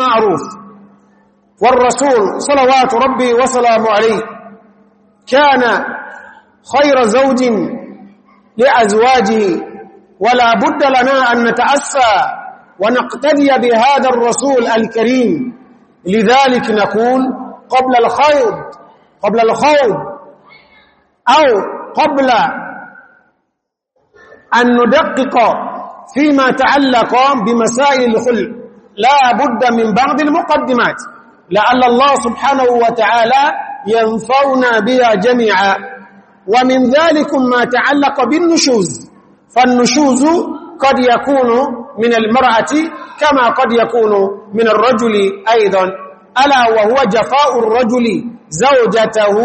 بالمعروف والرسول صلوات ربي وسلامه عليه كان خير زوج لأزواجه ولا بد لنا أن نتأسى ونقتدي بهذا الرسول الكريم لذلك نقول قبل الخوض قبل الخوض أو قبل أن ندقق فيما تعلق بمسائل الخلق لا بد من بعض المقدمات لعل الله سبحانه وتعالى ينفعنا بها جميعا ومن ذلك ما تعلق بالنشوز فالنشوز قد يكون من المرأة كما قد يكون من الرجل أيضا ألا وهو جفاء الرجل زوجته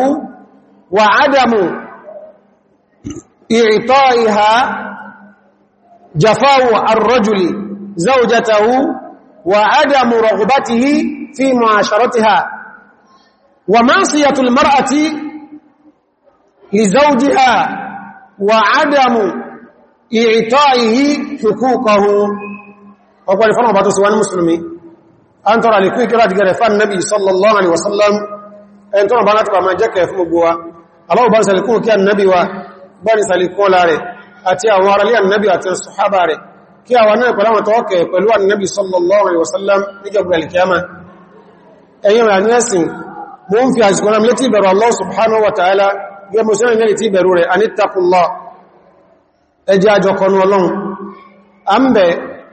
وعدم إعطائها جفاء الرجل زوجته وعدم رغبته في معاشرتها ومعصية المرأة لزوجها وعدم إعطائه حقوقه وقال فرما بعض سواء المسلمي أن ترى لكي كرات غرفان النبي صلى الله عليه وسلم أن ترى باناتك ما جاك يفهم بوا الله بارس لكم كان النبي وبارس لكم لاري أتي أمار لي النبي أتي الصحابة لاري kí a wà náà pẹ̀lú àwọn tọ́ọ̀kẹ̀ pẹ̀lú annabi sallallahu alaihi wasallam níjọba alkiyama ẹ̀yìn rẹ̀ anẹ́sìn mo ń fi àsìkò náà létí ìbẹ̀rù Allah subhanahu wa ta'ala yẹ mo sẹ́rẹ̀ ní létí ìbẹ̀rù rẹ̀ anítàkùnlá ẹjẹ́ àjọkọnu ọlọ́run a ń bẹ̀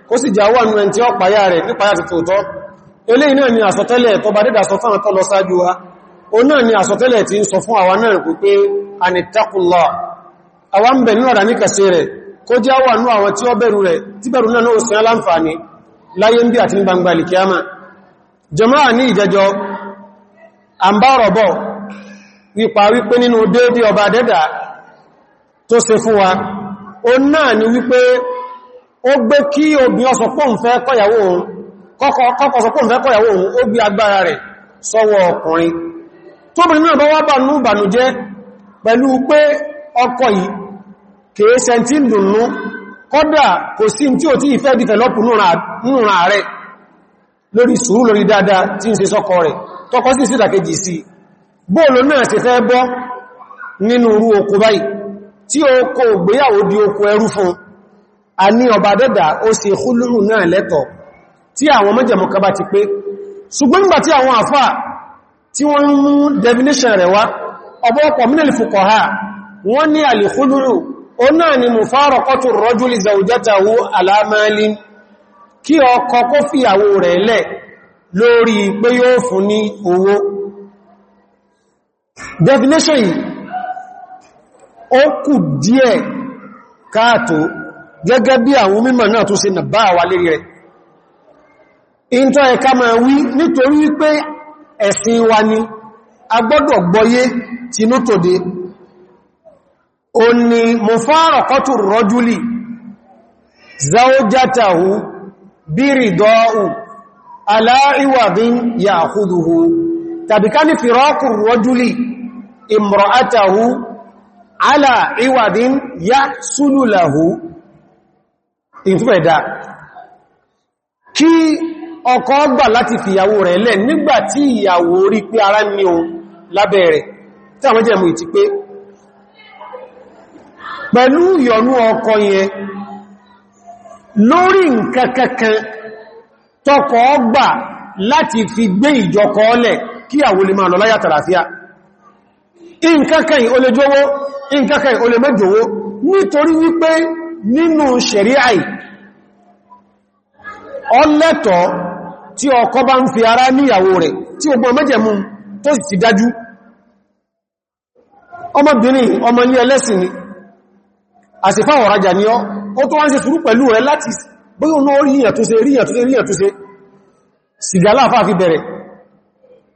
kó sì jà wọ́n ẹni tí ó pàyà rẹ̀ nípayà ti tòótọ́ eléyìí náà ni kó jẹ́ wà ní àwọn tí ó bẹ̀rù rẹ̀ tí bẹ̀rù náà náà sí aláǹfààní láyé ń bí àti ní gbangba alìkíyàmà jama'a ní ìjẹjọ́ àmbárọ̀bọ̀ wípa wípé nínú déédé ọba dẹ́dà tó ṣe fún wa ó náà ni wípé ó gbé kí obìn ọsọpọ̀n fẹ́ kọ́yàwó òun ó gbé agbára rẹ̀ sọ́wọ́ ọkùnrin tóbìnrin náà bá wá bà nú ìbànújẹ́ pẹ̀lú pé ọkọ yìí kèé sẹ́ntí dùnnú kọ́dà kò sí tí ò tí ìfẹ́ dìtẹ̀lọ́pù núra rẹ̀ lórí sùúrù lórí dáadáa tí ń ṣe sọ́kọ rẹ̀ tọ́kọ́ sí sí ìdàkejì sí bóòlò náà ṣe fẹ́ bọ́ nínú orú oko báyìí tí ó kò gbéyàwó di oko ẹrú fún a ní ọba dẹ́dà ó ṣe húlúrù náà lẹ́tọ̀ tí àwọn mẹ́jẹ̀mọ́ kaba ti pé ṣùgbọ́n nígbà tí àwọn àfà tí wọ́n mú definition rẹ̀ wá ọ̀pọ̀lọpọ̀ mínẹ̀lì fòkọ̀ ha wọ́n ní àlè húlúrù ó náà ni mufaraqatu rajuli zawjatahu ala malin kí ọkọ kó fìyàwó rẹ̀ lẹ̀ lórí pé yóò fún ní owó definition yìí ó kù díẹ̀ káàtó gẹ́gẹ́ bí àwọn mímọ̀ náà tó ṣe nà bá wà lérí rẹ̀ ìntọ́ ó ní mufaraqatu rajuli zawjatahu biridau ala iwadin ya'khuduhu tàbí ká ní firaqu rajuli imra'atahu ala iwadin yahsulu lahu ìfúfẹ̀dá kí ọkọ gbà láti fìyàwó rẹ̀ lẹ̀ nígbàtí ìyàwó rí pé ara ní ohun lábẹ́ rẹ̀ tí àwọn jẹ́mù ìtí pé pẹ̀lú yọnú ọkọ yẹn lórí nǹkan kankan tọkọ láti fi gbé ìjọkọ ọlẹ̀ kí àwọn olè máa lọ láyà tàràfíà nǹkankan ó jówó nǹkankan ó mẹ́jọwó nítorí wípé nínú ọkọ bá ń fi ara níyàwó rẹ̀ tí mẹ́jẹ̀mú tó sì àsìfà ọ̀rajà ní ọ́ ó tó wá ń ṣe sùúrù pẹ̀lú rẹ láti bóyá náà ríyàn tó ṣe ríyàn tó ṣe ríyàn tó ṣe sìgá láàfáà fi bẹ̀rẹ̀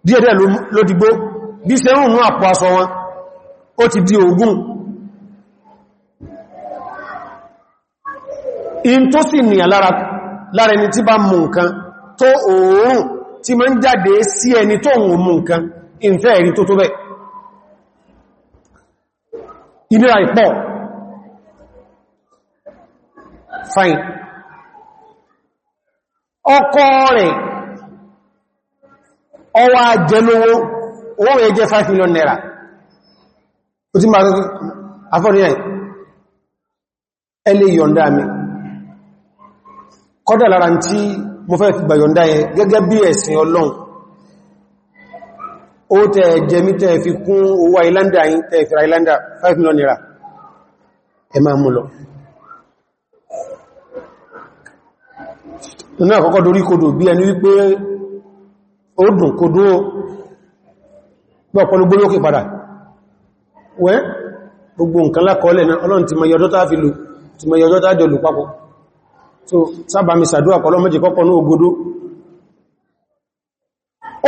díẹ̀díẹ̀ ló dìgbó bí ṣe rùn ní àpò aṣọ wọn ó ti di ogun in tó sì ní lára ẹni tí bá mú nǹkan tó òórùn tí ma ń jáde sí ẹni tó òun mú nǹkan ìfẹ́ ẹ̀rí tó tó bẹ̀ ìnira ìpọ̀ fine ọkọ rẹ̀ ọwà jẹlówó owó rẹ̀ jẹ́ 5 million naira o ti máa afọ́nìyàn ẹlẹ́ yọ̀ndá mi kọ́dà lára tí mo fẹ́ fi gbà yọ̀ndá yẹ gẹ́gẹ́ bí ẹ̀sìn ọlọ́run ó tẹ́ jẹmí tẹ́ fi kún owó islander yìí tẹ́ fi ra 5 million naira ẹ máa mú lọ nínú àkọ́kọ́ dorí kodò bí ẹni wípé ó dùn kodò pọ̀pọ̀lú gbólókè padà wẹ́ gbogbo nǹkan lákọọ́lẹ̀ náà ọlọ́run ti mọ yọjọ́ tá fi lò ti mọ so sábà mi sàdúwà pọ̀lọ́ méjì kọ́kọ́ ní ogodo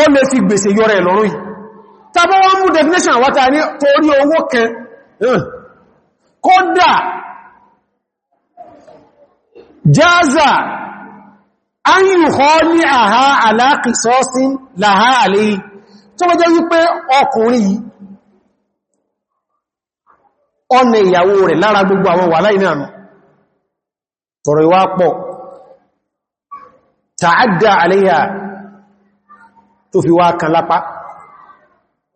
ó lè fi gbèsè yọrẹ lọ́rún yìí definition àwátà ní torí owó kan kódà an yìí kọ́ ní àhá aláàkìsọ́sìn láhá àlè tó wọ́jẹ́ wípé ọkùnrin ọ̀nà ìyàwó rẹ̀ lára gbogbo àwọn wà láì náà tọ̀rọ̀ ìwá pọ̀ tààdà àléyà tó fi wá kan lápá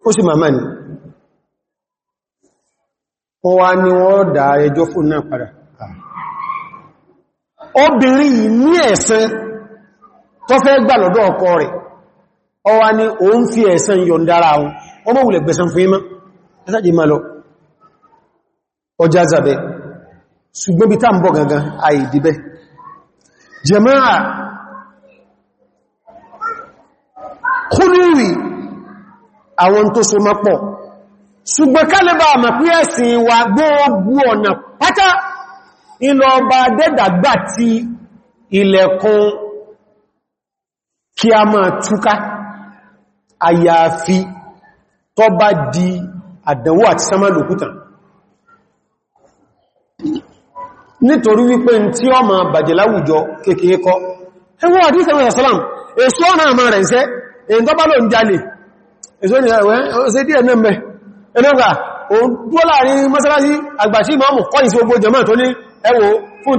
ó sì màmá ni wọ́n wá ní wọ́n dà ẹjọ́ fún náà padà obìnrin ní ẹ̀sẹ̀ tó fẹ́ gbà lọ́dọ̀ ọkọ rẹ̀ ọwá ni o ń fi ẹ̀sán yọ̀ndára ohun ọmọ wùlẹ̀ gbẹ̀sán fún imá ẹsàjì ma lọ ọjà zàbẹ̀ ṣùgbọ́n bí tá ń bọ̀ gangan àìdíbẹ̀ jẹmáà kúrúwì àwọn tó so mọ́pọ̀ ṣùgbọ́n kálẹ̀bà àmàpí ẹ̀sìn wa gbogbo ọ̀nà pátá ìlọ ọba dẹ́dàgbà ti ilẹ̀kùn kí a máa túká àyàfi tó bá di àdánwò àti sánmà lòkútàn nítorí wípé tí ó máa bàjẹ̀ láwùjọ kékeré kọ́ ẹwọ́ àdísẹ̀wọ̀ ìsọ́lám èso ọ̀nà àmà rẹ̀ ṣẹ́ èyí tó bá lò ń jalè èso ni ẹ̀wẹ́ ṣe díẹ̀ mẹ́mẹ́ ẹ̀nàgbà òun dúó láàrin mọ́sálásí àgbàṣí ìmọ̀ ọmọ kọ́ ìsí ogbó jẹ́mọ́ tó ní ẹwọ́ fún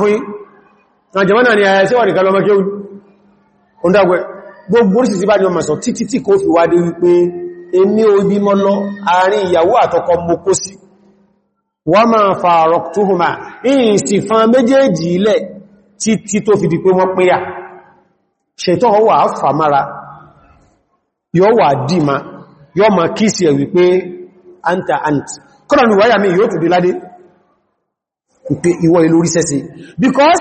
fún yí na jamana ni ayẹ́ eh, ni nìkan lọmọ kí ó ọdágbẹ́ gbogbo orísìsí bá ní ọmọ sọ títí tí kò fi wádé wípé èmi obi mọ́ lọ àárín ìyàwó àtọkọ mọ́ kó sí wọ́n máa fa àrọ̀túhùmá ìyìn sì fan méjèèjì ilẹ̀ títí tó fi di wọ́n pínyà ṣètọ́ anta ant kọ́nà ni wáyà mi yóò tù dé ládé because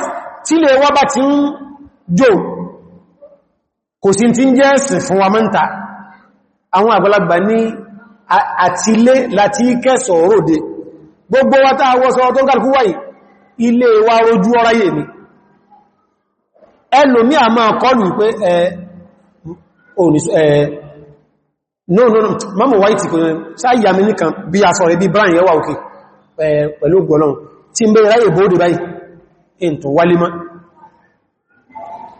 tílé wá bá ti ń jò kò sí tí ń jẹ́ ẹ̀sìn fún wa mẹ́ta àwọn àgbàlagbà ní àtílé láti kẹsọ̀ òróde gbogbo wa tá àwọ́sọ tó kàrùkú wáyìí ilé wa rojú ọráyè ni ẹlò ní àmà kọlù pé ẹ no no no mamu white kò yẹn sáyà mi nìkan bí a sọ̀rọ̀ ibi brian yẹwà òkè pẹ̀lú gbọ́nà tí ń bẹ̀rẹ̀ ráyè bóòdì báyìí èntò wálé máa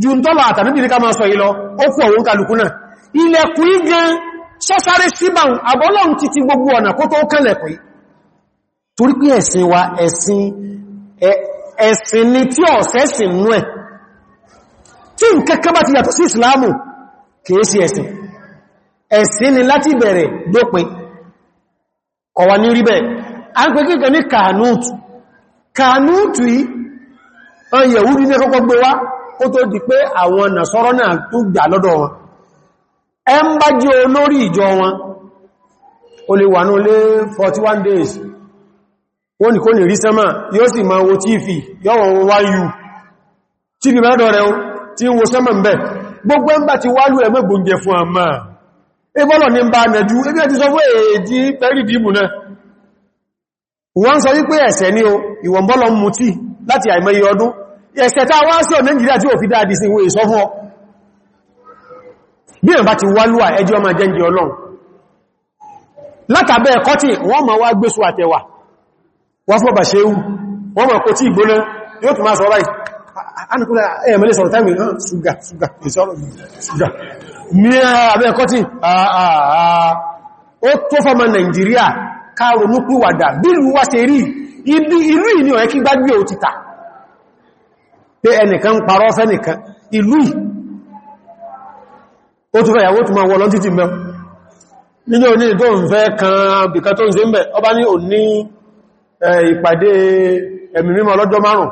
ju ń tọ́lọ̀ àtàbíbìrí ká máa sọ ìlọ ó kú ọ̀wọ́n kálukú náà ilẹ̀kùn igan sọ́sáré síbàun àbọ́lọ́un ti ti gbogbo ọ̀nà kó tó kẹ́lẹ̀kùn torí wa ẹ̀sìn ẹ̀sìn ni tí ọ̀sẹ́sìn nú ẹ̀ tí nkẹ́kẹ́ bá ti yàtọ̀ sí ìsìláàmù kìí sí ẹ̀sìn ẹ̀sìn ni láti bẹ̀rẹ̀ dópin kọwa ní rí bẹ́ẹ̀ a ń pè kíkẹ́ ní kàánútù kàánútù yìí ọ̀yẹ̀wú ní ẹkọ́kọ́ gbé wá kó tó di pé àwọn nàṣọ́rọ́ náà tó gbà lọ́dọ̀ wọn ẹ ń bá jí olórí ìjọ wọn o lè wà ní olé 41 days wọ́n ni kó ní rí sẹ́mà yóò sì máa wo tífì yọ́wọ̀n wá tífì rẹ̀ tí wo sẹ́mà ń bẹ̀ gbogbo ń bá ti ni láti ẹ̀ṣẹ̀ tá wá sí ọ̀nà Nàìjíríà tí ò fi dáadì sí ìwé ìsọ fún ọ bí ìrìnbá ti wálúwà ẹjọ́ ọmọ jẹ́ ọlọ́run látàbẹ́ ẹ̀kọ́ tí wọ́n ma wá gbésù àtẹwà wọ́n fún ọba ṣeéhù wọ́n ma kò tí ìgbóná yóò tún máa sọ báyìí anìkúnlẹ̀ ẹ̀mẹ́lẹ́ sọ̀rọ̀ táìmì náà ah, ṣúgà ṣúgà ìṣọ́rọ̀ ṣúgà ní ah, ah, ìlú wá ṣe rí ibi ìlú ìní ọ̀ẹ́kí gbágbé òtítà pé ẹnìkan parọ́ fẹ́nìkan ìlú ó tún fẹ́ ìyàwó tún ma wọ́lọ́ títí mẹ́ nínú òní tó ń fẹ́ kan bìkà tó ń ṣe ń ọba ní òní ìpàdé ẹ̀mì mímọ̀ lọ́jọ́ márùn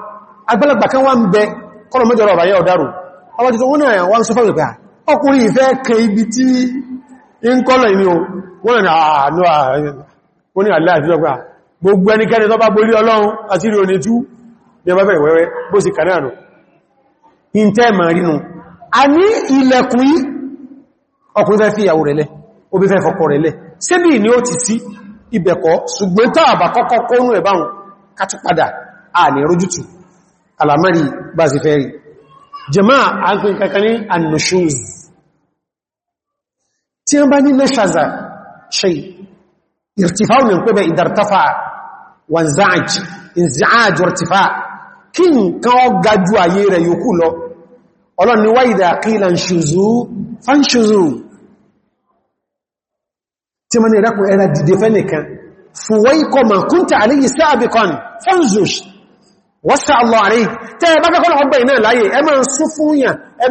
agbẹ́lẹ̀gbà kan wá ń bẹ kọ́lọ̀ mẹ́jọ rọ̀ bàyẹ́ ọba bí ọba bẹ̀rẹ̀ wẹ́wẹ́ bó sì kà náà nù in tẹ́ ma rínú a ní ilẹ̀kùn yí ọkùnrin fẹ́ fi ìyàwó rẹ̀lẹ̀ obí fẹ́ fọkọ rẹ̀lẹ̀ sébì ni ó ti sí ibẹ̀kọ́ ṣùgbọ́n tààbà kọ́kọ́ kónú ẹ̀ báhùn kátúpadà a ní alamari bá sì fẹ́ rí jẹmá àgbìn kankan ní annushuz tí wọ́n irtifa'u min pẹ́bẹ̀ idartafa wanza'aj irtifa' kí nǹkan ọgá ju ayé rẹ̀ yòókù lọ ọlọ́ni wá ìdá àkílà ń ṣùzú fánṣùzú tí mọ́ ní ẹ̀dàkùn ẹ̀rà dìde fẹ́nìkan fúwọ́ ikọ̀ ma kún tà àríyí sáàbìkan fánṣùs wọ́sà allọ́ àrí tẹ́ ẹ bá kọ́kọ́ ọgbà iná láyé ẹ máa sún fún yàn ẹ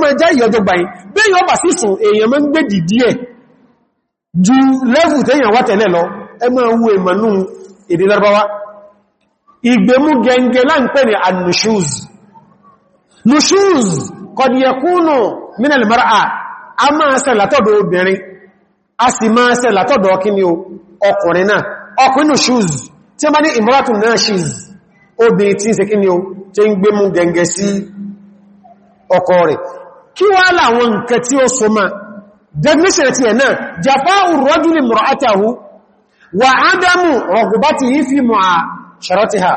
máa jẹ́ ìgbèmú gẹngẹ láǹpẹ́ ni al-nushuz nushuz kọdíyẹkúnù minal mar'a a máa ṣẹ látọ̀dọ̀ obìnrin a sì máa ṣẹ látọ̀dọ̀ kíni ọkùnrin náà ọkùnrin nushuz tí a bá ní imratun nashiz obìnrin tí ń ṣe kíni o tí ń gbémú gẹngẹ sí ọkọ rẹ̀ kí wá láwọn nǹkan tí ó so máa definition ti ẹ̀ náà jafa'u rajuli imra'atahu wa adamu rọ̀gbùbátì yìí fi mọ̀ ṣẹ̀rọ́tíhà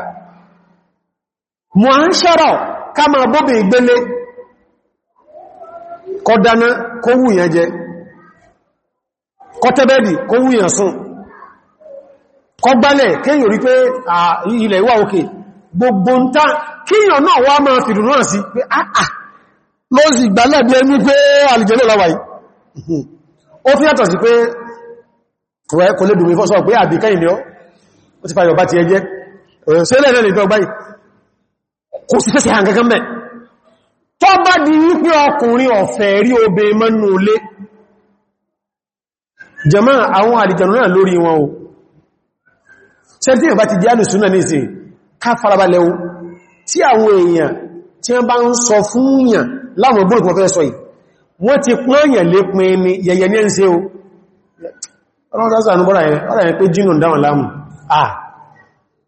mọ̀ ń ṣẹ́rọ̀ ká máa bóbi ìgbélé kọ dáná kó wùyàn jẹ kọ tẹ́bẹ̀dì kó wùyàn kọ gbálẹ̀ kéyàn rí pé ilẹ̀ ìwà òkè gbogbo ń kíyàn náà wá máa fìdù náà sí pé àà ló sì gbálẹ̀ bí ẹni pé òṣèlẹ̀ náà lè tọ́ báyìí kò sí fẹ́sẹ̀ hàn kankan bẹ̀ tó àwọn àdìjànú náà lórí wọn o sẹ́tí ìbá ti díánù súnà ní ìsìn ká farabalẹ̀ o tí àwọn èèyàn tí wọ́n bá ń sọ fún yàn láwọn bóòlù kan fẹ́ sọ yìí wọ́n ti pọ́nyàn lépin ni yẹ̀yẹ̀ ní ẹ́ ń ṣe o ah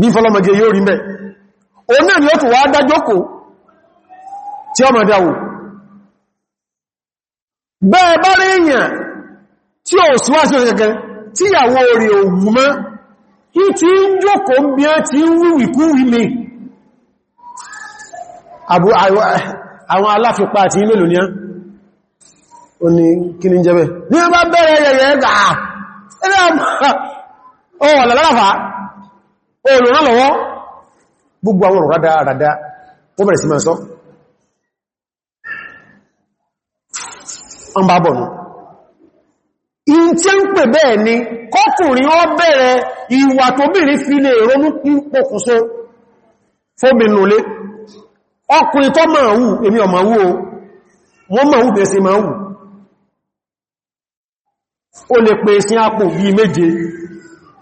bí fọ́lọ́mọ̀gẹ yóò rí mẹ́ o ni ó tún wá dájókò tí ọmọ dáwò bẹ́ẹ̀ bá rí èyàn tí ó síwáṣí kẹ́kẹ́ tí ìyàwó orí mọ́ kí tí ń bí ti ń wíwìkúwì àwọn aláfipá àti ilé lónìí ó ní kí olùrànlọ́wọ́ gbogbo àwọn rọ̀rọ̀ dáadáa ó bẹ̀rẹ̀ sí máa sọ ọmọ àbọ̀nù in tí ń pè bẹ́ẹ̀ ni kọkùnrin ó bẹ̀rẹ̀ ìwà tó bìnrin fi lè ronú pokùnso fóbinulé ọkùnrin tó máa wù èmi ọmọ wù o wọ́n máa wù bẹ̀ẹ́ sí máa wù o lè pèsè àpò bí méje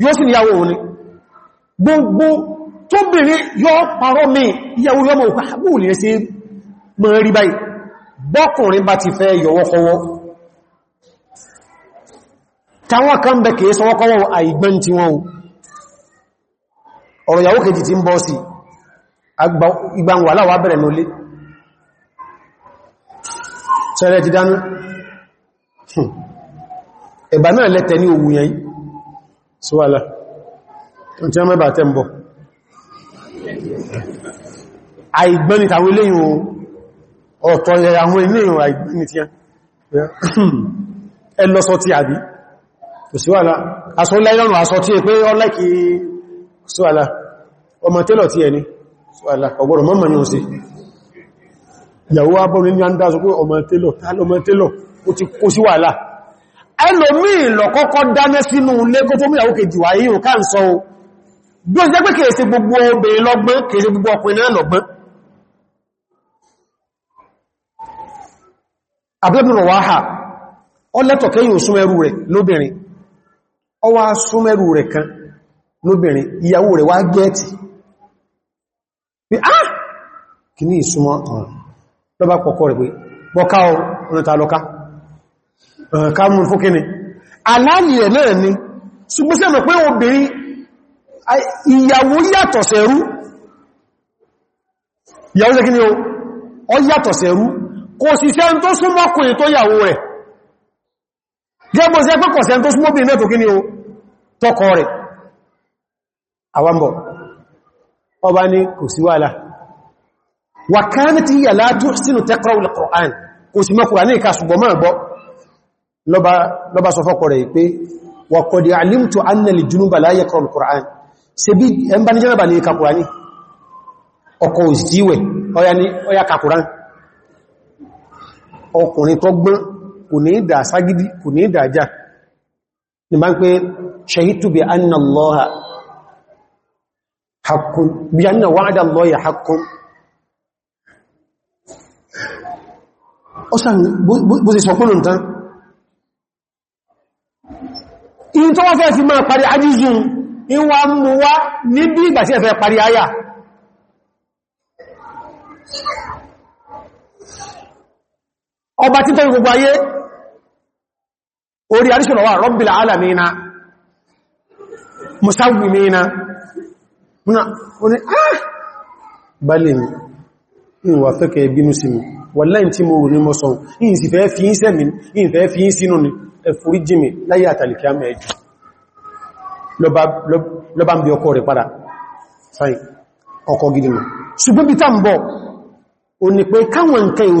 yóò sì níyàwó òní gbogbo tó bèèrè yọ́ parọ́ mi ìyàwó yọ́mọ̀ òkú ní ẹsẹ̀ mọ́ rí báyìí bọ́kùnrin bá ti fẹ́ yọwọ́kọwọ́ táwọn kan bẹ kìí sọwọ́kọwọ́ àìgbọ́n tí wọ́n ọ̀rọ̀ ìyàwó kejì ti ń bọ́ sí ìgbàǹwà láwà bẹ̀rẹ̀ síwálá tí wọ́n mẹ́bà tẹ́ ń bọ̀ àìgbẹ́ni tàwọn iléyìn ọ̀tọ̀ àwọn iléyìn àìgbẹ́ni tí ẹ lọ sọ tí àbí síwálá aṣọ láìlọ́nà aṣọ tí è pé ọlẹ́kì síwálá ọmọ tẹ́lọ̀ tí ẹni síwálá ọgbọ̀rọ̀ mọ́mọ̀ ni ó sí ìyàwó abọ́rin ní àndásọ pé ọmọ tẹ́lọ̀ ó enomi lọ̀kọ́kọ́ dáná sínú lẹ́gọ́ fún ìyàwó kejì wà yíò ká ń sọ o bó jẹ́ pé gbogbo obìnrin lọ́gbọ́n kèèsè gbogbo ọkùnrin náà lọ́gbọ́n abúlébìnrin wà ha ọ lẹ́tọ̀ kẹ́yìn súnmẹ́rù rẹ̀ lóbìnrin ọ wá súnmẹ́rù rẹ̀ kan lóbìnrin ìyàwó rẹ̀ wá gẹ́ẹ̀tì pé á kì ní ìsúnmọ́ ọ̀rọ̀ pọ̀kọ́ rẹ̀ pé Eh, kàmùn fún kíni aláàlẹ̀ náà ni ṣùgbọ́n sí ẹ̀mọ̀ pé obìnrin ìyàwó yàtọ̀ sẹ́rú ìyàwó jẹ́ kíni ó yàtọ̀ sẹ́rú kò sì sẹ́n tó súnmọ́kùnrin tó yàwó rẹ̀ gẹ́gbọ́n sí ẹgbẹ́ kọ̀ sẹ́n tó súnmọ́bìnrin náà tó kíni ó tọ́kọ rẹ̀ àwambọ̀ ọba ní lọ́bá sọ fọ́kọ̀ rẹ̀ pé wàkọ̀dì alimtu annali junuba láyé kọrọ̀ kùrán ṣe bí ẹn bá ní jẹ́rẹ̀bà ní kàkùrán ní ọkọ̀ òsìwẹ̀ ọya kàkùrán ọkùnrin tó gbọ́n kò ní ìdà ságídí kò ní ìdà ajá ni bá ń pé ṣahitu in tó wọ́n fẹ́ fi máa parí ajízù in wa mú wá ní ìgbà tí ẹ̀fẹ́ parí ayà ọba títọ́ gbogbo ayé orí rọ́bìlà ah! mi bínú mi wọ̀láì tí mo rò ní mọ́ sọun yìí sì fẹ́ fi ń sẹ́mi yìí fẹ́ fi ń sínú ni ẹ̀fúrí jìmì láyé àtàlìkì àmì ẹ̀jù lọ́bá ń bí ọkọ rẹ̀ padà sáyìn ọkọ gidi mọ̀ ṣùgbọ́n bí tàn bọ̀ o ní pé káwọn nǹkan ìwò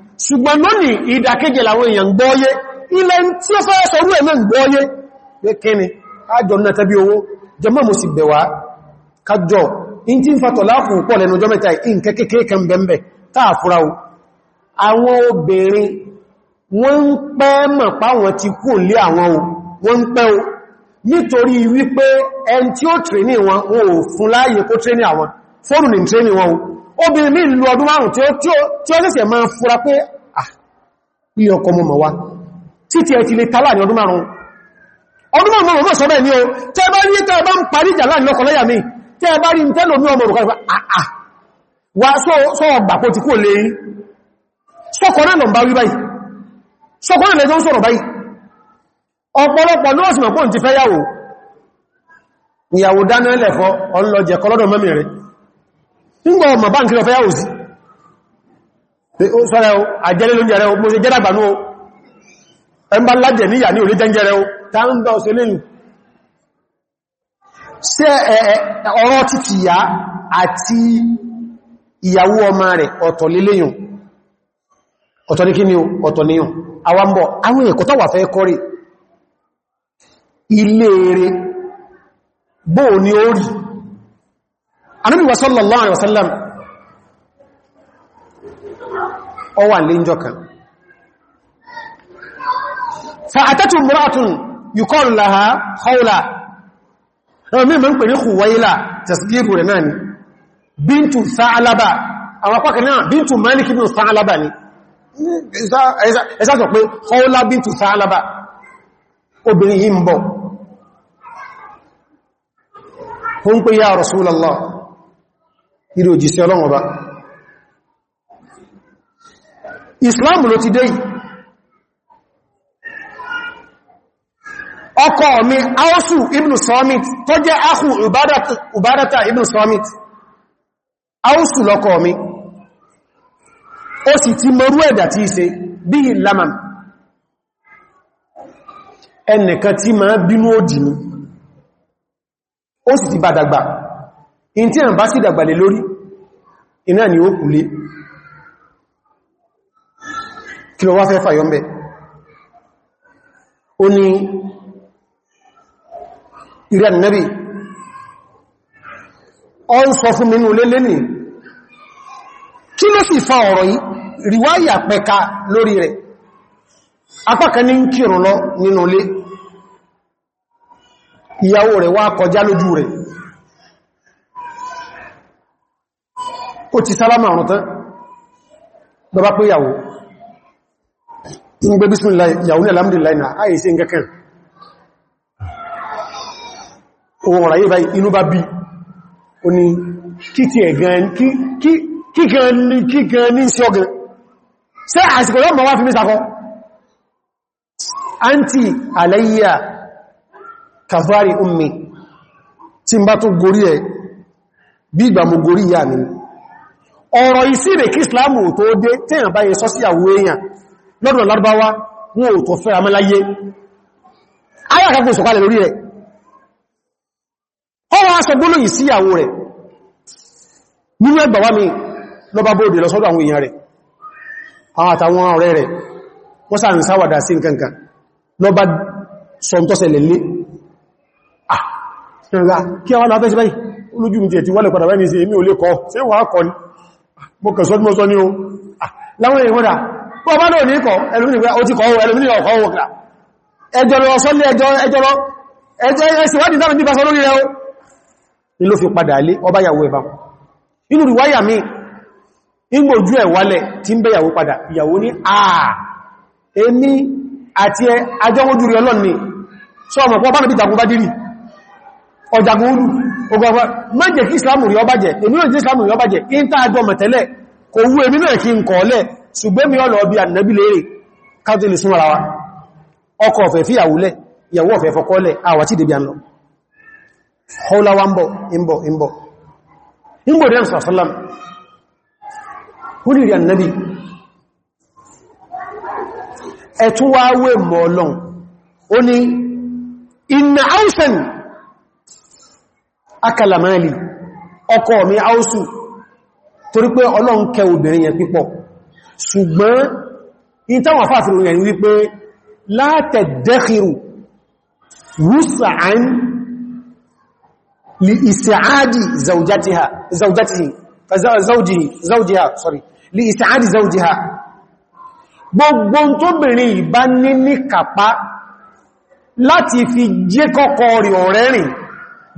ṣùgbọ́n lónìí ìdàkejì làwọn èèyàn gbọ́ọ́yé ilẹ̀ tí ó fẹ́ sọrú ẹ̀mẹ́ gbọ́ọ́yé pé kíni ajọ náà tẹ́bí owó jẹmọ́ mo sì bẹ̀wà kájọ in tí ń fàtọ̀ láàkùn pọ̀ lẹ́nu ọjọ́ mẹ́ta in kẹ́kẹ́kẹ́ kan bẹ̀m̀bẹ̀ táà fúra o àwọn obìnrin mi lù ọdún márùn tí ó sẹ́sẹ̀ máa fura pé iye ah, ọkọ mọ̀ wá títí ẹ̀ ti lè tàlà ní ọdún márùn ọdún márùn mọ̀ sọ́bẹ̀ ní o tẹ́ bá rí tẹ́ bá ń parí ìjà láàrin lọ́kọ̀lọ́yà mi tẹ́ bá rí tẹ́lò ní ọmọ òrùkọ́ ah, ah, wà sọ ọgbà kó ti kó lè rí sọ́kọ̀ náà lọ bá wí báyìí sọ́kọ̀ náà lẹ́jọ́ ń sọ̀rọ̀ báyìí ọ̀pọ̀lọpọ̀ náà sì mọ̀ pọ̀ ti nígbà ọmọ bá ń kí lọ fẹ́ yáò sí sọ́rẹ̀ o àjẹ́lé ló ń jẹ́rẹ́ o mo ṣe jẹ́ dàgbà ní o ẹn bá lájẹ̀ níyà ní orí jẹ́jẹ́rẹ́ o ta ń bá ọ̀sẹ̀ lẹ́yìn sí ọ̀rọ̀ títì ìyá àti ìyàwó ọmọ rẹ̀ ọ̀tọ̀ Ànábì wa sallallahu alaihi wasallam ó wà ní ìjọ kan fa'atatu imra'atun yuqalu laha khawla àwọn mímọ̀ ń pè ní Khuwaila tasgiru rẹ̀ náà ni bíntù Sa'laba àwọn apákan náà bíntù Malik ibn Sa'laba ni ẹ̀sá sọ pé Khawla bíntù Sa'laba obìnrin yìí ń bọ̀ irú òjìsí ọlọ́run ọba islam ló ti dé yìí ọkọ mi aosu ibn summit tó jẹ́ akhu ubadata ibn summit aosu lọ́kọ mi ó sì ti mọ̀rú ẹ̀dà tí í ṣe bí i lamam ẹnìkan tí ma bínú òdì ni ó sì ti bá dàgbà in tí àǹbá sí dàgbàlẹ̀ lórí iná ni ó kùlé kí lọ wá fẹ́ fàyọ́ mẹ́ ó ní ìrẹ́ ànìyàn ọ ń sọ fún minú lé lẹ́nì kí ló sì fa ọ̀rọ̀ yìí ríwáyà pẹ̀ka lórí rẹ̀ apákan ní kírùn lọ nínú ilé ìyàwó rẹ̀ wá kọjá lójú rẹ̀ ó ti sálámà ọ̀rùn tán bàbá pé yàwó ń gbé bísmìlá yàwó ní alhamdulillah náà àyè sí ǹkankan ohun ọ̀rọ̀ yíba inú bá bí o ni kí ti ẹ̀gán kí gan ní sí ọgán sẹ́ àsìkò yọ́ ummi tí ń bá tó bí ìgbà mo gorí ìyá mi ọ̀rọ̀ ìsìrè kí islamu tó dé tíyàn báyé sọ sí àwọ èèyàn lọ́dún lárúbáwá wọn ò tó fẹ́ amáláyé ayàkàkùn sọ̀kalẹ̀ lórí rẹ̀ ọ wá sọ gbóló yìí sí àwọ rẹ̀ nínú ẹgbàwá mi lọ́bá bóòdì lọ sọ́dọ̀ àwọn èèyàn rẹ̀ ah kí àwọn alábẹ́sẹ̀ báyìí olójú mi ti ẹ̀tí wọ́lẹ̀ padà wáyé ní sí mo kàn sọ́jú mọ́sọ́ ní o láwọn ìwọ́dà pọ̀ bá náà ní kọ̀ ẹlùmí ìwẹ́ o ti kọ̀ ohun ẹlùmí ọ̀kọ̀ ohun kìlá ẹjọ́lọ sọ́lé ẹjọ́ ẹjọ́lọ ẹjọ́ ẹsìwádìí sáàmì bí basọ́ lórí rẹ̀ o ilò fi padà lé ọba yàwó ẹba inú rí wáyà mi ingbò ojú ẹ̀ wálẹ̀ tí ń bẹ yàwó padà ìyàwó ní àà èmi àti ẹ ajọ́wójú ọjàgùn olù ogbogbo má jẹ́ kí islamu rí ọbájẹ́ èmi ò islamu rí ọbájẹ́ in tá àjọ mẹ̀tẹ́lẹ̀ kò wú èmi náà kí n kọ̀ọ́lẹ̀ ṣùgbẹ́ mi ọlọ́ bí ànàbí lérè káàkiri sún ọkọ ọ̀fẹ́ fi àwúlẹ̀ ìyàwó ọ̀fẹ́ fọkọ́lẹ̀ àwà tí mbọ akalamali ọkọ mi áúsù torí pé ọlọ́run kẹ obìnrin yẹn pípọ̀ ṣùgbọ́n in táwọn fàfihàn rẹ̀ ni wípé látẹ̀dẹ́kìrù wùsàn lè ìsẹ̀ádì zaujatiha zaujiha sorry lè ìsẹ̀ádì zaujiha gbogbo tó bìnrin ìbá ní ní kàpá láti fi jẹ́kọ́kọ́ rí ọ̀rẹ́rìn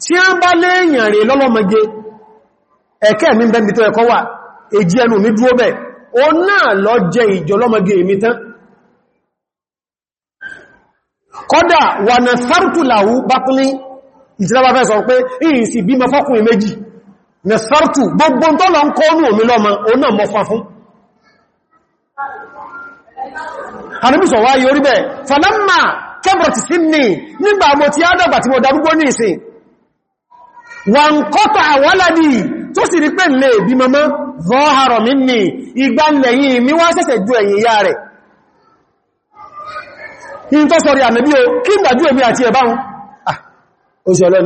tí a ń bá léèyàn rẹ̀ lọ́lọ́mọge ẹ̀kẹ́ mi bẹ́m̀bí tó ẹ̀kọ́ wà èjì ẹnu mi dúró bẹ̀ o náà lọ jẹ ìjọ lọ́mọge mi tán kọ́dà wà na sártùláwú bátúlí ìtìlábà fẹ́ sọ pé ìyìnsì bí ma fọ́kùn méjì na sártù gbogbo tó lọ fa fún Àníbìsọ̀ wáyé orí bẹ̀, Fàlámà kẹbọ̀tì sí ní nígbà mo ti á dàgbà tí mo darúgbó ní ìsìn, wọ́n kọ́tọ̀ àwọ́ládì tó sì rí pé lè bí mọ́mọ́ zọ́harọ̀ mi ní ìgbà lẹ́yìn mi wọ́n sẹ́sẹ̀ ju ẹ̀yìn ìyá rẹ̀ in tó sọ̀rọ̀ àmì bí o kí ń dájú àti ẹ̀báhun ah, hmm, òṣèlọ́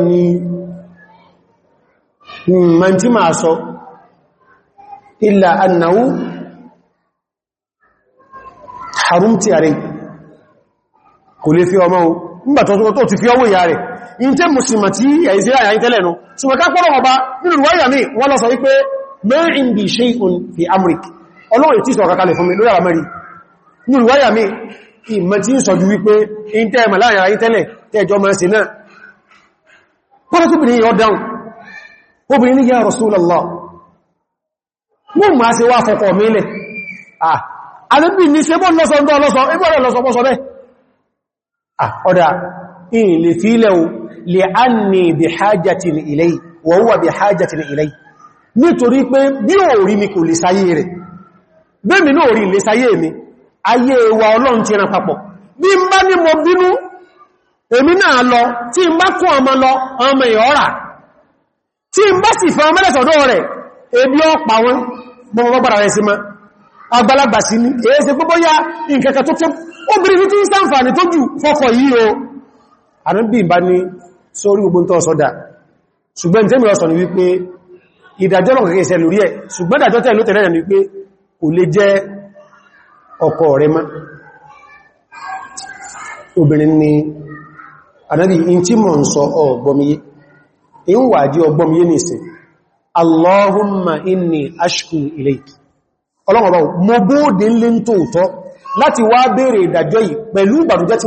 o in tẹ́ musulman tí ẹ̀yìn àyà ń tẹ́lẹ̀ nù ṣùgbọ́n kápọ̀lọ̀ ọba nínú wáyà mi wọ́n lọ sọ wípé mẹ́rin bí ṣe un fi amrik ọlọ́rẹ̀ tí sọ kakalẹ̀ fún mi lórí ara mẹ́rin nínú wáyà mi ìmọ̀ tí ń sọ ju wípé in tẹ́ ẹ̀mà láàrin àyà tẹ́lẹ̀ tẹ́jọ mọ́ sí náà pọ́lọ́kùnrin yọ dáun obìnrin ní yá Rasulullah wọ́n máa ṣe wá fọ́kọ̀ mílẹ̀ ah alẹ́bí ní ṣe bọ́ lọ́sọ̀ ń dọ́ lọ́sọ̀ ẹgbọ́n lọ́sọ̀ bọ́sọ̀ bẹ́ ah ọ̀dá ìyìn lè fi ilẹ̀ o li'anni bihajatin ilay wa huwa bihajatin ilay nítorí pé bí orí mi kò lè sáyé rẹ̀ mi náà orí lè sáyé mi ayé wa ọlọ́run ti ran papọ̀ bí n bá ní mo bínú èmi náà lọ tí n bá kún ọmọ lọ ọmọ ìhọ́rà tí n bá sì fẹ́ rẹ̀ sórí gbogbo tó sọ́dá ṣùgbọ́n jẹ́mì ọ̀sọ̀ ni wípé ìdájọ́ lọ kẹ́kẹ́ ìṣẹ́ ẹ̀ ṣùgbọ́n dájọ́ tẹ́ ló rẹ̀ ni wípé kò lè jẹ́ ọkọ rẹ̀ mọ́ obìnrin ni anábi in tí mọ̀ ń sọ ọgbọmiye in wà jí ọgbọmiye ní ìsìn Allahumma inni ashku ilayki ọlọ́wọ̀bá mo bóòdé ń lé ń láti wá yìí pẹ̀lú ìgbàdújẹ́ tí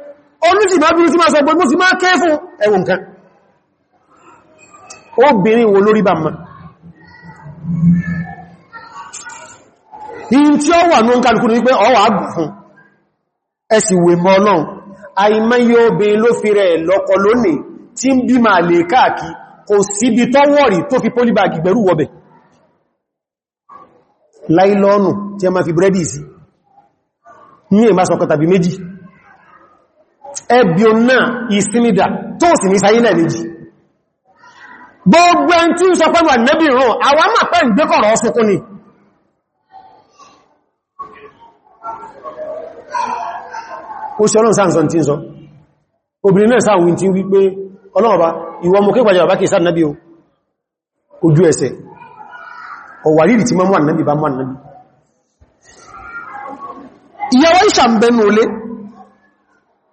olùsì máa bínú sí máa sọ pé mú sí máa kẹ́ fún ẹwọ nǹkan obìnrin wo lórí bá máa yìí tí ó wà ní oúnkàlùkù ní pé ọwà àgbà fún ẹsì wè mọ́ náà àìmọ́yẹ obìnrin ló fi rẹ̀ lọ́kọ lónìí tí ń bí máa lè káàkì kò síbi tọ́wọ̀rì tó fi pólíbàgì gbẹ̀rú wọ́bẹ̀ láìlọ́nù tí a máa fi búrẹ́dì sí ní èmá sọkọ̀ tàbí méjì ẹbíò náà ìsinmìdà tó sì ní sáyé náà léjì gbogbo ẹn tí ń sọ pẹ́lú ànẹ́bì rán àwọn máa pẹ́ ìgbékọ̀rọ̀ ọsùnkún ni ó ṣe ọlọ́run sáànsán tí ń sọ obìnrin náà sáàwìn tí wípé ọlọ́ọ̀bá ìwọ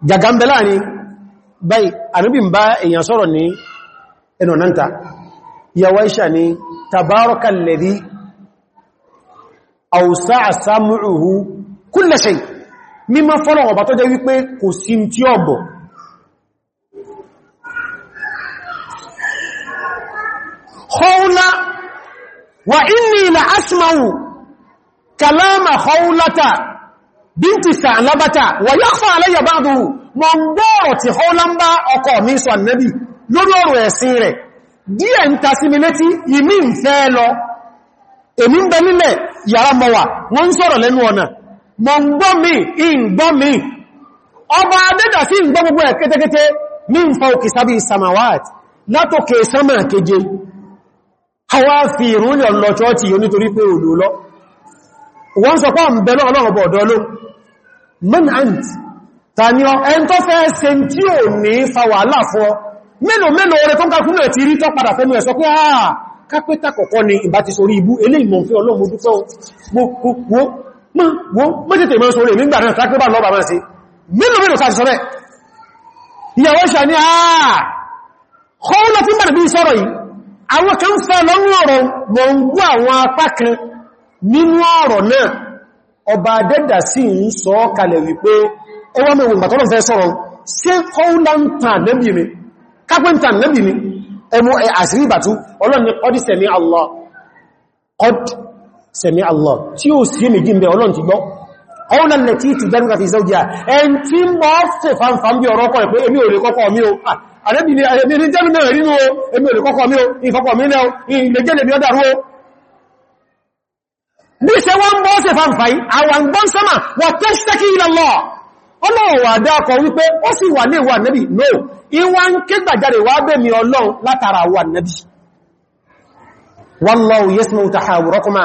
jagambela ni báyìí ànábì ń bá èèyàn sọ̀rọ̀ ní ẹnà náà yàwó iṣà ni tabaraka alladhi awsa'a sam'uhu kulla shay mímọ́ fọ́lọ̀wọ̀ bá tó jẹ́ wípé kò sí tí ọ̀bọ̀ khawla wa inni la asma'u kalama khawlata bíntì sàlábátà wà yá fà aláyà bá dùn mọ́ ń gbọ́ọ̀rọ̀ tí ọkọ ọkọ̀ mi sọ annabi lórí ọ̀rọ̀ ẹ̀sìn rẹ̀ díẹ̀ ń ta sími létí ìmí ń fẹ́ lọ èmi ń bẹ nílẹ̀ yàrá mọ́ wà wọ́n ń sọ̀rọ̀ lẹ́nu ọ̀nà ń gbọ́ mi ń gbọ́ mi ọba adẹ́dà sí ń gbọ́ gbogbo ẹ̀ kétékété mi ń fa òkè sábí samawat látòkè sámà keje hawa fi ìrúnlẹ̀ ọlọ́chọ́ọ̀tì yóò nítorí pé òlò lọ wọ́n sọ pọ́ ń bẹ lọ́ọ̀lọ́ọ̀bọ̀ ọ̀dọ́ lóhun man ant tani o en tó fẹ́ ṣe nti o ni fa wàhálà fo mélòó mélòó rẹ̀ ton ka kun e ti rí tó padà fẹ́ nu e sọ ah ka pe ta kokon ni ìbá ti sórí ibu eléyìí mo fẹ́ Ọlọ́run mo dúpẹ́ o mo ko wo mo wo mo tètè mo sọ mi gba na ta pe ba lo ba ma ṣe mélòó mélòó sa ti sọ bẹ́ẹ̀ ìyàwó sha ni ah khawla tin ba bi sọ̀rọ̀ yìí àwọn kan fa lo ọ̀rọ̀ mo ngu àwọn apá kan nínú ọ̀rọ̀ náà ọba adẹ́dà sí ń sọ kalẹ̀ wípé ẹwà mẹ́wò ìgbàtọ́lọ̀ fẹ́ sọ́rọ̀ sí kọ́ùlántà nẹ́bì mi kápẹ́ntà nẹ́bì mi ẹmú àṣírí ìbàtú ọlọ́run ni qad sami Allah qad sami Allah tí ó sì mi jíǹbẹ ọlọ́run ti gbọ́ ọ̀nà lẹ́tí ti jẹ́ nígbàtí ìṣẹ́jìyà ẹn tí mọ́ fẹ́ fanfà ń bí ọ̀rọ̀ ọkọ̀ ìpé èmi ò lè bí ṣe wọ́n bọ́ ṣe fàǹfàí àwọn gbọ́n sọ́mà wà tẹ́ṣtẹ́kì ilallah ọlọ́wà dákọ̀ wípé ó sì wà ní ìwà no ìwà ń wà bẹ́ mi ọlọ́run látara wà nẹ́bì wallahu wa tahawurakuma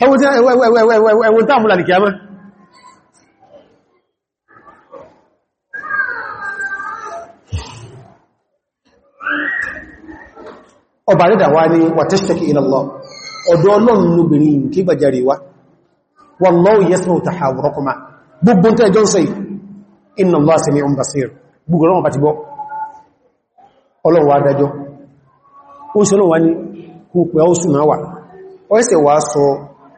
ẹwọ́n táàmù lálìkì àmá ọba rídà wá wàtíṣtẹ̀kì ilallah ọ̀dọ̀ ọlọ́run lóbìnrin kí gbàjẹ̀rẹ̀ wá wallahu yasma'u tahawurakuma gbogbo tẹ́ jọ gbogbo ọlọ́run bá ti bọ́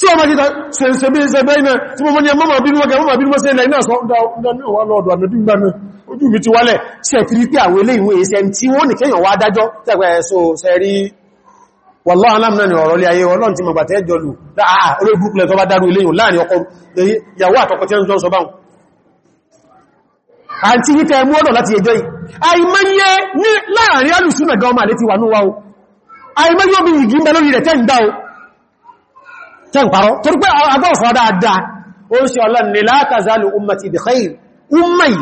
tí ọmọ jíta ṣe bí ṣe bẹ́ iná tí mo mọ́ ní ọmọ bí mọ́gẹ̀ ọmọ bí mọ́ sí ilẹ̀ iná sọ ọdún wà lọ́ọ̀dọ̀ àmì bí gbaná ojú mi ti wálẹ̀ tí ẹ̀ kiri pé àwọn ilé ìwé iṣẹ́ tí wọ́n ní kéyàn wá dájọ́ tẹ́gbẹ̀ ẹ̀ṣọ́ sẹ́rí wọ́lọ́ alámìnà ni ọ̀rọ̀ lé ayé ọlọ́run ti mọ̀gbà tẹ́jọ lù láàá olóògbé pẹ̀lẹ̀ tó bá dárú ilé ìwò láàrin ọkọ ìyàwó àtọkọ tí ó ń jọ sọ báhùn àti yíkẹ mú ọ̀dọ̀ láti ẹjọ́ yìí àìmọ́yẹ ní láàrin alùsùn mẹ́gan ọmọ àlé ti wà ní wá o àìmọ́yẹ obìnrin ìgbìmọ̀ lórí rẹ̀ tẹ́ ń dá o tẹ́ǹparọ́ torí pé agbọ́ọ̀sọ̀ dáadáa ó ń ṣe ọlọ́rin ni látàzálù ummati bi khair ummai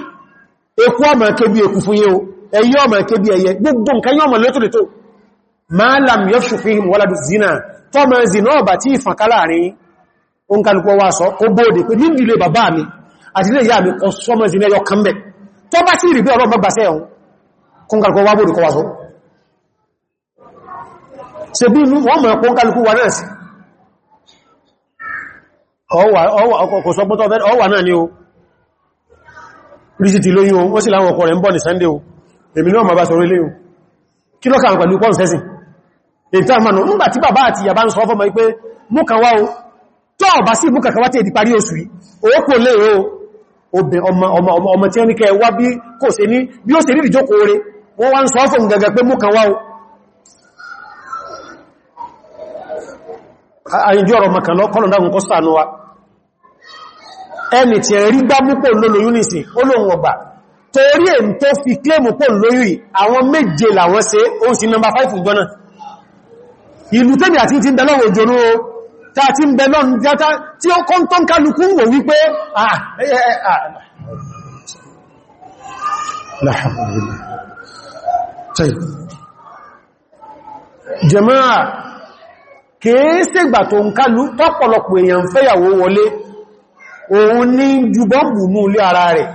ekú ọmọ kébí ekú fún yíò ẹyẹ ọmọ kébí ẹyẹ gbogbo nǹkan yọ ọmọ lótò lótò malam yafshu fihim waladu ṣe bí wọ́n mọ̀ kọǹkàlùkọ́ wá náà sí ọkọ̀ sọpọ́tọ̀ fẹ́ ọwà náà ni o rísìtì lóyún o wọ́n sí láwọn ọkọ̀ rẹ̀ ń bọ̀ ní o èmi náà ma bá sọ̀rọ̀ ilé o kí lọ́kà ń pẹ̀lú pọ́n sẹ́sìn ìtàmànà tí bàbá àti o o ọmọ àyíjú ọ̀rọ̀ mọ̀kànlọ́ kọlọ̀ dákùn kọ́ sàánú wa ẹni tí ẹ̀ rí gbá púpọ̀ lóyún nìsìn olóhun ọgbà torí ẹ̀ tó fi kílèmù pọ̀ lóyún yìí àwọn méje làwọn ṣe ó sì nọmbà 5 gbọ́nà ìlú tẹ́bí àti ti ń bẹ̀lọ́wọ̀ òjò lóó tá ti ń bẹ̀lọ́ jata tí ó kọ́ntọ́n kálukú wò wípé jẹ́máà keese tó ń kálú tọ́pọ̀lọpọ̀ èèyàn fẹ́yàwó wọlé òun ní jùbọ́mù ní ilé ara rẹ̀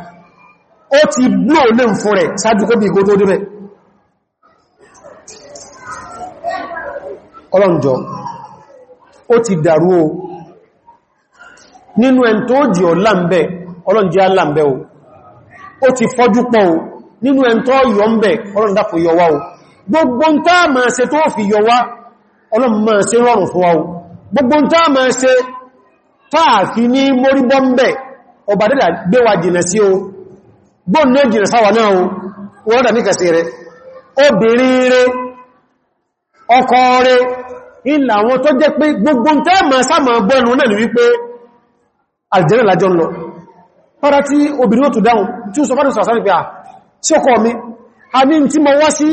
ó ti bló lè ń fún rẹ̀ sáájú kó bí tó débẹ̀ ti dàrú o nínú ẹn tó jì ọ lámbẹ̀ ọlọ́njẹ́ o ó ti fọ́jú pọ̀ o nínú ẹn tó yọ ń bẹ̀ ọlọ́ndàpọ̀ yọ o gbogbo ń tá máa o fi yọ wá ọlọ́run máa ṣe rọrùn fún wa gbogbo ń táà máa ṣe táàfi ní mórí bọ́m̀bẹ̀ ọba dẹ́dà jìnà sí o gbọ́nà jìnà sáwà náà o wọ́n dà ní kẹsì rẹ̀ obìnrin rẹ̀ ọkọ rẹ̀ ilà àwọn tó jẹ́ pé gbogbo ni wípé àlìjẹ́nà lájọ́ ń lọ a ní tí mo wá sí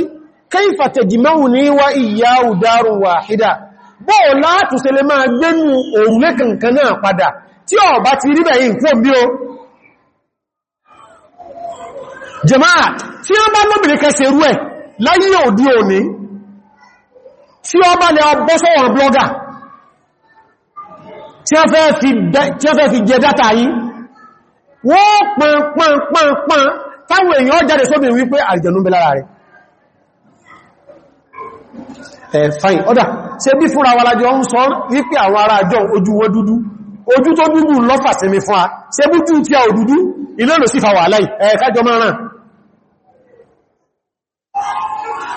kaifa tajmauni wa iyyahu darun wahida bó láti ṣe lè máa òrùlé kankan náà padà tí ọba ti rí bẹ̀yìn fún bí o tí ó bá lóbìnrin kẹsẹ̀ rú ẹ̀ láyé òdí tí tí fi jẹ dátà yìí jáde wípé Eh, fine ọ̀dá ṣe bí fúnra wa lájọ ń sọ wípé àwọn ará àjọ ojú wọn dúdú ojú tó dúdú lọ́fà sí mi fún a ṣe bújú tí a ò dúdú ilé lò sí fàwà aláì ẹ̀ẹ́kájọ mọ́ràn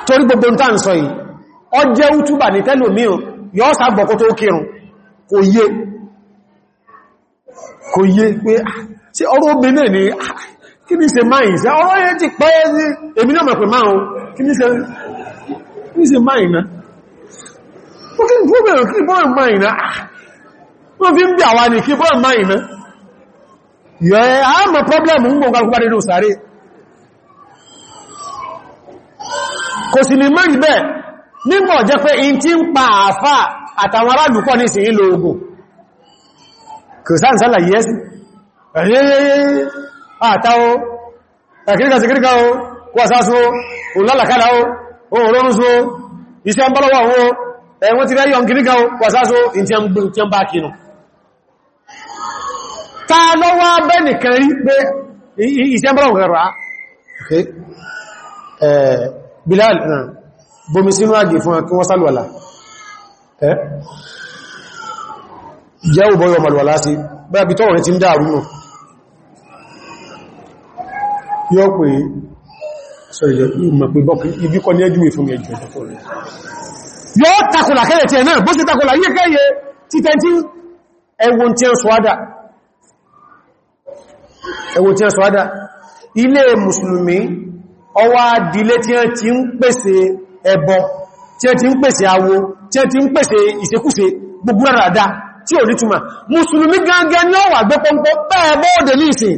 torí gbogbo ń tàn sọ yìí ọ jẹ́ útúbà ní tẹ́lò míì yọ́ sàgbọ̀kọ́ tó kírun kò yé kò yé pé ah, ṣe ọ̀rọ̀ obìnrin ni ah, kí ní ṣe máa ìṣẹ́ ọ̀rọ̀ yẹn ti pẹ́ ẹni èmi náà mọ̀ pé máa kí ní ṣe máa ìná fucking problem keep on mind ah no fi bi àwa ni keep on mind yeah i'm a problem ngbo kan ko ba de do sáré kò sì ní mẹ́rin bẹ́ẹ̀ nígbọ̀ jẹ́ pé in tí ń pa àfá àtàwọn aráàlùkọ́ ní ìsìn ìlò ogun kò sáà ń sálà yẹ́ sí ẹ̀yẹ́yẹ́ àtàwọ́ ẹ̀kìríkà sí kíríkà o kò o òlálàkádà o òòrùn sí o ẹ̀wọ́n ti rẹ́yọ̀ kìníkà wàsáso ìtí ẹm gbé ìtí ẹm bá kínú ta lọ́wọ́ abẹ́ nìkan rí pé ìṣẹ́bọ̀ rẹ̀rọ̀ á Bilal bomi sínú àjì fún kí wọ́n sálùwàlá jẹ́ òbọ́yọ̀ màlùwàlá sí bẹ́ẹ̀bí tọ́wọ̀ rẹ̀ ti ń dáàrú nù yóò pè sọ ìjọ ìmọ̀ pé bọ́kì ibi kọ́ ní ẹjú ìfún ẹjọ́ tó rẹ̀ yóò takùlà kẹ́yẹ̀ tí ẹ̀ náà bó sì takùlà yíẹ kẹ́yẹ títẹ́ tí ẹwùn tí ẹ sọ́ádà ẹwùn tí ẹ sọ́ádà ilé mùsùlùmí ọwá dìlé tí ẹ ti ń pèsè ẹbọ tí ẹ ti ń pèsè awo tí ẹ ti ń pèsè ìṣekúṣe gbogbo rárá tí ò nítumà mùsùlùmí gangan ní ọwà gbé pọ́npọ́ pẹ́ẹ̀bọ́ òdè ní ìsìn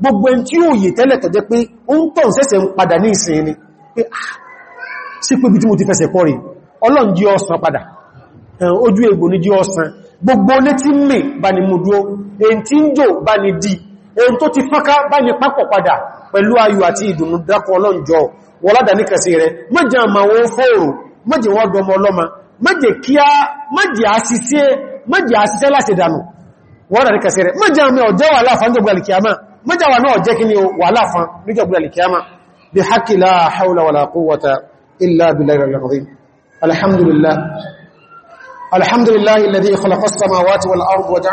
gbogbo ẹn tí ó yè tẹ́lẹ̀ tọ́jẹ́ pé ó ń tọ́ sẹ́sẹ̀ ń padà ní ìsìn ni pé ah sí pé bí tí mo ti fẹsẹ̀ kọ́ rí ọlọ́n jí ọsàn padà ojú egbò ní jí ọsàn gbogbo ní tí mẹ́ bá ní mú dúó èyí tí ń jò bá ní dí èyí tó ti fọ́ká bá ní pápọ̀ padà pẹ̀lú ayọ̀ àti ìdùnnú dákọ̀ ọlọ́njọ́ wọ́ládà ní kẹsì rẹ̀ mẹ́jẹ àmà wọn fóòrò mẹ́jẹ wọ́n dọmọ ọlọ́mà mẹ́jẹ kíá mẹ́jẹ àṣìṣẹ́ mẹ́jẹ àṣìṣẹ́ láti dànù wọ́ládà ní kẹsì rẹ̀ mẹ́jẹ àmà ọjọ́ wà láàfáńjọ́gbà alìkìyàmá mẹ́jàwà náà jẹ́ kí ni wà láfán níjọ̀gbìn alìkíyàmá bí haqqi la hawla wala quwwata illa billahi al-azim alhamdulillah alhamdulillah alladhi